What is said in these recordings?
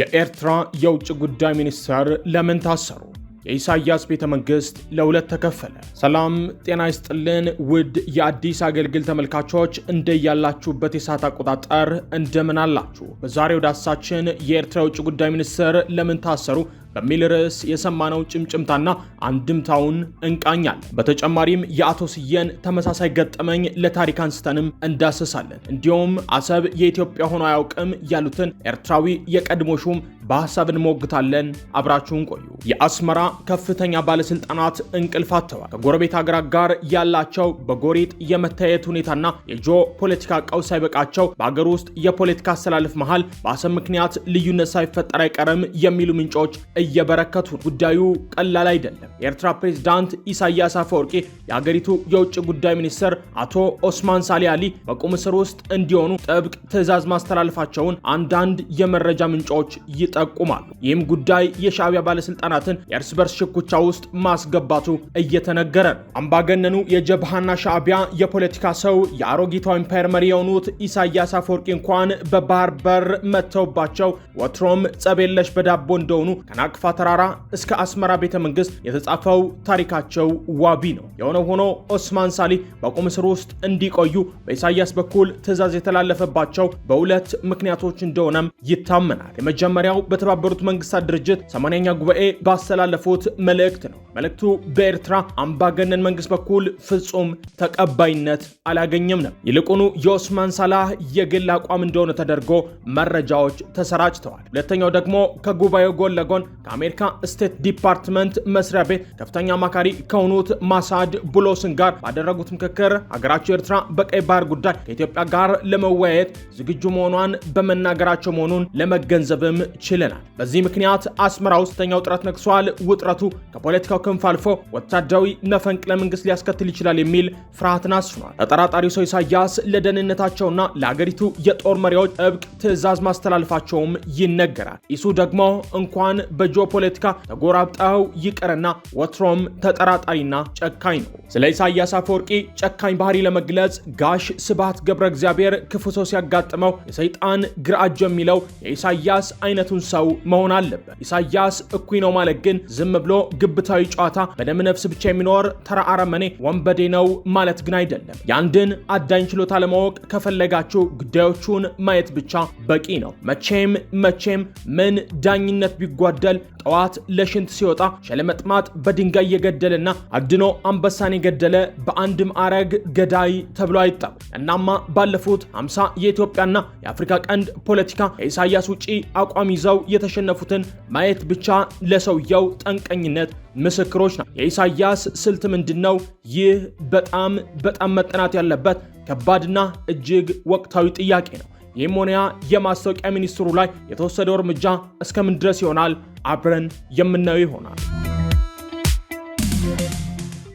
የኤርትራ የውጭ ጉዳይ ሚኒስትር ለምን ታሰሩ? የኢሳያስ ቤተ መንግስት ለሁለት ተከፈለ። ሰላም ጤና ይስጥልን ውድ የአዲስ አገልግል ተመልካቾች እንደያላችሁበት የሰዓት አቆጣጠር እንደምን አላችሁ? በዛሬው ዳሳችን የኤርትራ የውጭ ጉዳይ ሚኒስትር ለምን ታሰሩ በሚል ርዕስ የሰማነው ጭምጭምታና አንድምታውን እንቃኛል። በተጨማሪም የአቶ ስየን ተመሳሳይ ገጠመኝ ለታሪክ አንስተንም እንዳስሳለን። እንዲሁም አሰብ የኢትዮጵያ ሆኖ አያውቅም ያሉትን ኤርትራዊ የቀድሞ ሹም በሀሳብ እንሞግታለን። አብራችሁን ቆዩ። የአስመራ ከፍተኛ ባለስልጣናት እንቅልፍ አጥተዋል። ከጎረቤት ሀገራት ጋር ያላቸው በጎሪጥ የመታየት ሁኔታና የጂኦ ፖለቲካ ቀውስ ሳይበቃቸው በሀገር ውስጥ የፖለቲካ አሰላለፍ መሃል በአሰብ ምክንያት ልዩነት ሳይፈጠር አይቀርም የሚሉ ምንጮች እየበረከቱ ነው። ጉዳዩ ቀላል አይደለም። የኤርትራ ፕሬዝዳንት ኢሳያስ አፈወርቂ የአገሪቱ የውጭ ጉዳይ ሚኒስትር አቶ ኦስማን ሳሊ አሊ በቁም እስር ውስጥ እንዲሆኑ ጥብቅ ትዕዛዝ ማስተላለፋቸውን አንዳንድ የመረጃ ምንጮች ይጠቁማሉ። ይህም ጉዳይ የሻዕቢያ ባለስልጣናትን የእርስ በርስ ሽኩቻ ውስጥ ማስገባቱ እየተነገረ ነው። አምባገነኑ የጀብሃና ሻዕቢያ የፖለቲካ ሰው የአሮጊቷ ኢምፓየር መሪ የሆኑት ኢሳያስ አፈወርቂ እንኳን በባህር በር መጥተውባቸው ወትሮም ጸብ የለሽ በዳቦ እንደሆኑ ከና አቅፋ ተራራ እስከ አስመራ ቤተ መንግስት የተጻፈው ታሪካቸው ዋቢ ነው። የሆነ ሆኖ ኦስማን ሳሊ በቁም እስር ውስጥ እንዲቆዩ በኢሳያስ በኩል ትዕዛዝ የተላለፈባቸው በሁለት ምክንያቶች እንደሆነም ይታመናል። የመጀመሪያው በተባበሩት መንግስታት ድርጅት ሰማንያኛ ጉባኤ ባስተላለፉት መልእክት ነው። መልእክቱ በኤርትራ አምባገነን መንግስት በኩል ፍጹም ተቀባይነት አላገኘም ነው። ይልቁኑ የኦስማን ሳላህ የግል አቋም እንደሆነ ተደርጎ መረጃዎች ተሰራጭተዋል። ሁለተኛው ደግሞ ከጉባኤው ጎን ለጎን ከአሜሪካ ስቴት ዲፓርትመንት መስሪያ ቤት ከፍተኛ አማካሪ ከሆኑት ማሳድ ቡሎስን ጋር ባደረጉት ምክክር ሀገራቸው ኤርትራ በቀይ ባህር ጉዳይ ከኢትዮጵያ ጋር ለመወያየት ዝግጁ መሆኗን በመናገራቸው መሆኑን ለመገንዘብም ችለናል። በዚህ ምክንያት አስመራ ውስጥ ውጥረት ነግሷል። ውጥረቱ ከፖለቲካው ክንፍ አልፎ ወታደራዊ መፈንቅለ መንግስት ሊያስከትል ይችላል የሚል ፍርሃትን አስፍኗል። ተጠራጣሪው ሰው ኢሳያስ ለደህንነታቸውና ለአገሪቱ የጦር መሪዎች እብቅ ትዕዛዝ ማስተላለፋቸውም ይነገራል። ኢሱ ደግሞ እንኳን በ ፖለቲካ ተጎራብጠው ይቅርና ወትሮም ተጠራጣሪና ጨካኝ ነው። ስለ ኢሳያስ አፈወርቂ ጨካኝ ባህሪ ለመግለጽ ጋሽ ስብሐት ገብረ እግዚአብሔር ክፉ ሰው ሲያጋጥመው የሰይጣን ግራ እጅ የሚለው የኢሳያስ አይነቱን ሰው መሆን አለበት። ኢሳያስ እኩይ ነው ማለት ግን ዝም ብሎ ግብታዊ ጨዋታ በደም ነፍስ ብቻ የሚኖር ተራ አረመኔ ወንበዴ ነው ማለት ግን አይደለም። የአንድን አዳኝ ችሎታ ለማወቅ ከፈለጋችሁ ጉዳዮቹን ማየት ብቻ በቂ ነው። መቼም መቼም ምን ዳኝነት ቢጓደል ጠዋት ለሽንት ሲወጣ ሸለመጥማጥ በድንጋይ የገደለና አድኖ አንበሳን የገደለ በአንድ ማዕረግ ገዳይ ተብሎ አይጠሩ። እናማ ባለፉት 50 የኢትዮጵያና የአፍሪካ ቀንድ ፖለቲካ ከኢሳያስ ውጪ አቋም ይዘው የተሸነፉትን ማየት ብቻ ለሰውየው ጠንቀኝነት ምስክሮች ነው። የኢሳያስ ስልት ምንድን ነው? ይህ በጣም በጣም መጠናት ያለበት ከባድና እጅግ ወቅታዊ ጥያቄ ነው። ይህም ሆነ የማስታወቂያ ሚኒስትሩ ላይ የተወሰደው እርምጃ እስከምን ድረስ ይሆናል አብረን የምናየው ይሆናል።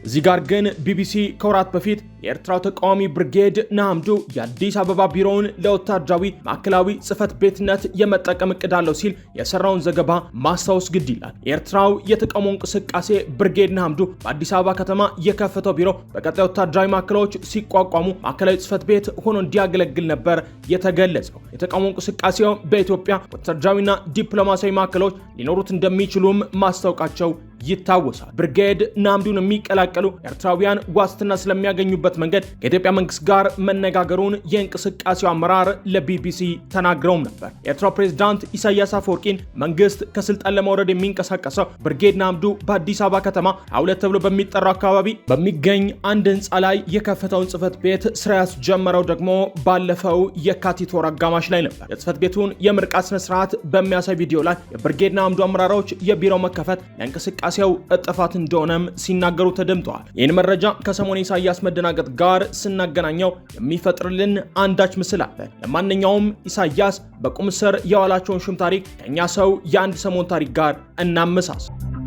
እዚህ ጋር ግን ቢቢሲ ከወራት በፊት የኤርትራው ተቃዋሚ ብርጌድ ናምዱ የአዲስ አበባ ቢሮውን ለወታደራዊ ማዕከላዊ ጽህፈት ቤትነት የመጠቀም እቅድ አለው ሲል የሰራውን ዘገባ ማስታወስ ግድ ይላል። የኤርትራው የተቃውሞ እንቅስቃሴ ብርጌድ ናምዱ በአዲስ አበባ ከተማ የከፈተው ቢሮ በቀጣይ ወታደራዊ ማዕከላዎች ሲቋቋሙ ማዕከላዊ ጽህፈት ቤት ሆኖ እንዲያገለግል ነበር የተገለጸው። የተቃውሞ እንቅስቃሴው በኢትዮጵያ ወታደራዊና ዲፕሎማሲያዊ ማዕከላዎች ሊኖሩት እንደሚችሉም ማስታወቃቸው ይታወሳል። ብርጌድ ናምዱን የሚቀላቀሉ ኤርትራውያን ዋስትና ስለሚያገኙበት መንገድ ከኢትዮጵያ መንግስት ጋር መነጋገሩን የእንቅስቃሴው አመራር ለቢቢሲ ተናግረውም ነበር። የኤርትራ ፕሬዝዳንት ኢሳያስ አፈወርቂን መንግስት ከስልጣን ለማውረድ የሚንቀሳቀሰው ብርጌድ ናምዱ በአዲስ አበባ ከተማ አውለት ተብሎ በሚጠራው አካባቢ በሚገኝ አንድ ህንፃ ላይ የከፈተውን ጽህፈት ቤት ስራ ያስጀመረው ደግሞ ባለፈው የካቲት ወር አጋማሽ ላይ ነበር። የጽህፈት ቤቱን የምርቃት ስነስርዓት በሚያሳይ ቪዲዮ ላይ የብርጌድ ናምዱ አመራሮች የቢሮ መከፈት ለእንቅስቃሴ እንቅስቃሴው እጥፋት እንደሆነም ሲናገሩ ተደምጠዋል። ይህን መረጃ ከሰሞኑ ኢሳያስ መደናገጥ ጋር ስናገናኘው የሚፈጥርልን አንዳች ምስል አለ። ለማንኛውም ኢሳያስ በቁም ስር የዋላቸውን ሹም ታሪክ ከእኛ ሰው የአንድ ሰሞን ታሪክ ጋር እናመሳስል።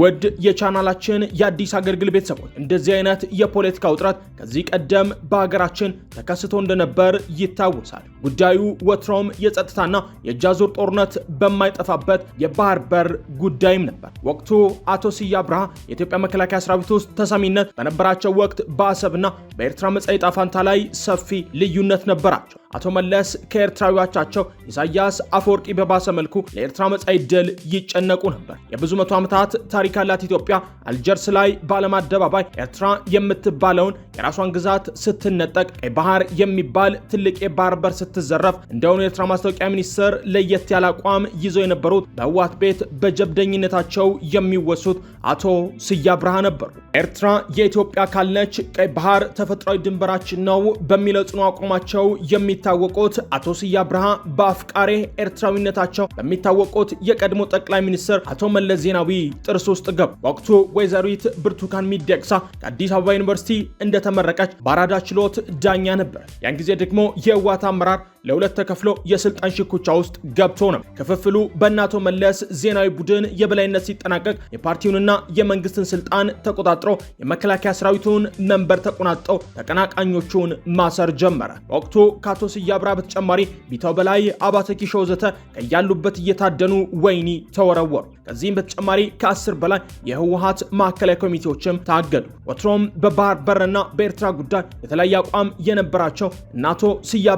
ውድ የቻናላችን የአዲስ አገልግል ቤተሰቦች እንደዚህ አይነት የፖለቲካ ውጥረት ከዚህ ቀደም በሀገራችን ተከስቶ እንደነበር ይታወሳል። ጉዳዩ ወትሮም የጸጥታና የእጅ አዙር ጦርነት በማይጠፋበት የባህር በር ጉዳይም ነበር። ወቅቱ አቶ ስዬ አብርሃ የኢትዮጵያ መከላከያ ሰራዊት ውስጥ ተሰሚነት በነበራቸው ወቅት በአሰብና በኤርትራ መጻኢ ዕጣ ፈንታ ላይ ሰፊ ልዩነት ነበራቸው። አቶ መለስ ከኤርትራዊ አቻቸው ኢሳያስ አፈወርቂ በባሰ መልኩ ለኤርትራ መጻኢ ዕድል ይጨነቁ ነበር። የብዙ መቶ ዓመታት ታሪክ ያላት ኢትዮጵያ አልጀርስ ላይ በዓለም አደባባይ ኤርትራ የምትባለውን የራሷን ግዛት ስትነጠቅ፣ ቀይ ባህር የሚባል ትልቅ የባህር በር ስትዘረፍ እንደሆኑ የኤርትራ ማስታወቂያ ሚኒስትር ለየት ያለ አቋም ይዘው የነበሩት በህወሓት ቤት በጀብደኝነታቸው የሚወሱት አቶ ስያ ብርሃ ነበሩ። ኤርትራ የኢትዮጵያ አካል ነች፣ ቀይ ባህር ተፈጥሯዊ ድንበራችን ነው በሚለው ጽኑ አቋማቸው የሚ የሚታወቁት አቶ ስዬ አብርሃ በአፍቃሬ ኤርትራዊነታቸው በሚታወቁት የቀድሞ ጠቅላይ ሚኒስትር አቶ መለስ ዜናዊ ጥርስ ውስጥ ገቡ። ወቅቱ ወይዘሪት ብርቱካን ሚደቅሳ ከአዲስ አበባ ዩኒቨርሲቲ እንደተመረቀች በአራዳ ችሎት ዳኛ ነበር። ያን ጊዜ ደግሞ የህወሓት አመራር ለሁለት ተከፍሎ የስልጣን ሽኩቻ ውስጥ ገብቶ ነው። ክፍፍሉ በእናቶ መለስ ዜናዊ ቡድን የበላይነት ሲጠናቀቅ የፓርቲውንና የመንግስትን ስልጣን ተቆጣጥሮ የመከላከያ ሰራዊቱን መንበር ተቆናጠው ተቀናቃኞቹን ማሰር ጀመረ። በወቅቱ ከአቶ ስያብራ በተጨማሪ ቢታው በላይ፣ አባተ ኪሾ ወዘተ ከያሉበት እየታደኑ ወይኒ ተወረወሩ። ከዚህም በተጨማሪ ከአስር በላይ የህወሀት ማዕከላዊ ኮሚቴዎችም ታገዱ። ወትሮም በባህር በርና በኤርትራ ጉዳይ የተለያየ አቋም የነበራቸው እነ አቶ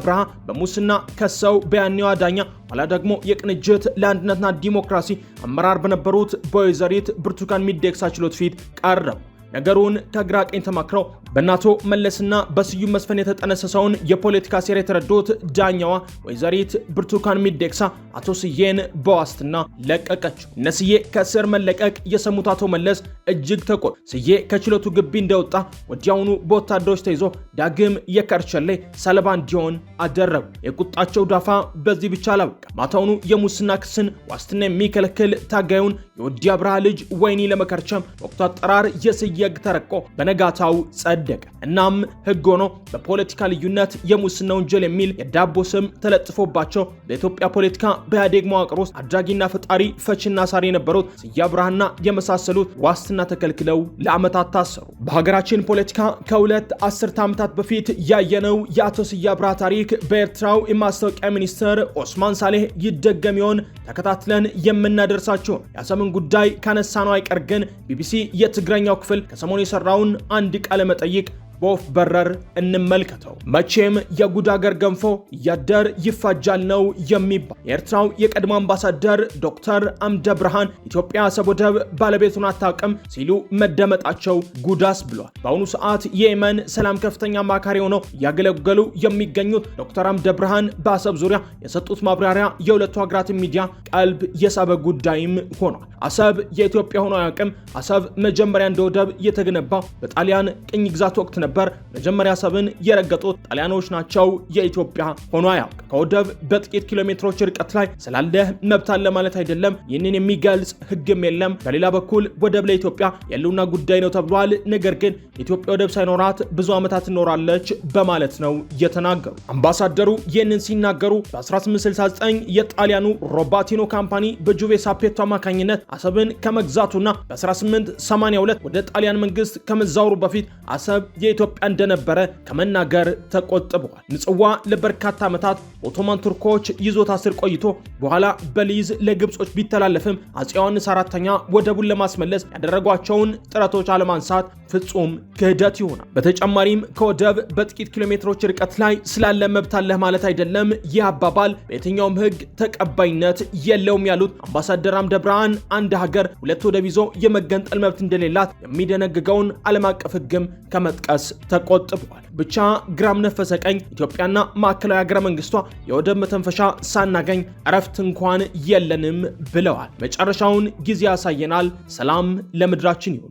ብርሃ በሙስ በሙስና ከሰው በያኔዋ ዳኛ ኋላ ደግሞ የቅንጅት ለአንድነትና ዲሞክራሲ አመራር በነበሩት በወይዘሪት ብርቱካን ሚደቅሳ ችሎት ፊት ቀረቡ። ነገሩን ከግራ ቀኝ ተማክረው በእናቶ መለስና በስዩም መስፈን የተጠነሰሰውን የፖለቲካ ሴራ የተረዱት ዳኛዋ ወይዘሪት ብርቱካን ሚደቅሳ አቶ ስዬን በዋስትና ለቀቀች። እነ ስዬ ከእስር መለቀቅ የሰሙት አቶ መለስ እጅግ ተቆ ስዬ ከችሎቱ ግቢ እንደወጣ ወዲያውኑ በወታደሮች ተይዞ ዳግም የከርቸሌ ሰለባ እንዲሆን አደረጉ። የቁጣቸው ዳፋ በዚህ ብቻ አላበቃ። ማታውኑ የሙስና ክስን ዋስትና የሚከለክል ታጋዩን የወዲ አብርሃ ልጅ ወይኒ ለመከርቸም ወቅቱ አጠራር የስ ህግ ተረቆ በነጋታው ጸደቀ። እናም ህግ ሆኖ በፖለቲካ ልዩነት የሙስና ወንጀል የሚል የዳቦ ስም ተለጥፎባቸው በኢትዮጵያ ፖለቲካ በኢህአዴግ መዋቅር ውስጥ አድራጊና ፈጣሪ ፈችና ሳሪ የነበሩት ስዬ አብርሃና የመሳሰሉት ዋስትና ተከልክለው ለዓመታት ታሰሩ። በሀገራችን ፖለቲካ ከሁለት አስርተ ዓመታት በፊት ያየነው የአቶ ስዬ አብርሃ ታሪክ በኤርትራው የማስታወቂያ ሚኒስትር ኦስማን ሳሌህ ይደገም ይሆን? ተከታትለን የምናደርሳቸው የአሰምን ጉዳይ ካነሳነው አይቀር ግን ቢቢሲ የትግረኛው ክፍል ከሰሞኑ የሰራውን አንድ ቃለ መጠይቅ በወፍ በረር እንመልከተው። መቼም የጉድ አገር ገንፎ ያደር ይፋጃል ነው የሚባል የኤርትራው የቀድሞ አምባሳደር ዶክተር አምደ ብርሃን ኢትዮጵያ አሰብ ወደብ ባለቤቱን አታውቅም ሲሉ መደመጣቸው ጉዳስ ብሏል። በአሁኑ ሰዓት የየመን ሰላም ከፍተኛ አማካሪ ሆነው እያገለገሉ የሚገኙት ዶክተር አምደ ብርሃን በአሰብ ዙሪያ የሰጡት ማብራሪያ የሁለቱ ሀገራት ሚዲያ ቀልብ የሳበ ጉዳይም ሆኗል። አሰብ የኢትዮጵያ ሆኖ አያውቅም። አሰብ መጀመሪያ እንደ ወደብ የተገነባ በጣሊያን ቅኝ ግዛት ወቅት ነው ነበር መጀመሪያ ሰብን የረገጡት ጣሊያኖች ናቸው። የኢትዮጵያ ሆኖ አያውቅ። ከወደብ በጥቂት ኪሎ ሜትሮች ርቀት ላይ ስላለ መብታን ለማለት አይደለም። ይህንን የሚገልጽ ሕግም የለም። በሌላ በኩል ወደብ ለኢትዮጵያ የሕልውና ጉዳይ ነው ተብሏል። ነገር ግን ኢትዮጵያ ወደብ ሳይኖራት ብዙ ዓመታት ትኖራለች በማለት ነው የተናገሩ። አምባሳደሩ ይህንን ሲናገሩ በ1869 የጣሊያኑ ሮባቲኖ ካምፓኒ በጁቬ ሳፔቶ አማካኝነት አሰብን ከመግዛቱና በ1882 ወደ ጣሊያን መንግስት ከመዛወሩ በፊት አሰብ ኢትዮጵያ እንደነበረ ከመናገር ተቆጥበዋል። ምጽዋ ለበርካታ ዓመታት ኦቶማን ቱርኮች ይዞታ ስር ቆይቶ በኋላ በሊዝ ለግብጾች ቢተላለፍም አጼ ዮሐንስ አራተኛ ወደቡን ለማስመለስ ያደረጓቸውን ጥረቶች አለማንሳት ፍጹም ክህደት ይሆናል። በተጨማሪም ከወደብ በጥቂት ኪሎ ሜትሮች ርቀት ላይ ስላለ መብት አለህ ማለት አይደለም። ይህ አባባል በየትኛውም ሕግ ተቀባይነት የለውም ያሉት አምባሳደር አምደ ብርሃን አንድ ሀገር ሁለት ወደብ ይዞ የመገንጠል መብት እንደሌላት የሚደነግገውን ዓለም አቀፍ ሕግም ከመጥቀስ ተቆጥቧል። ብቻ ግራም ነፈሰ ቀኝ ኢትዮጵያና ማዕከላዊ ሀገረ መንግስቷ የወደብ መተንፈሻ ሳናገኝ እረፍት እንኳን የለንም ብለዋል። መጨረሻውን ጊዜ ያሳየናል። ሰላም ለምድራችን ይሁን።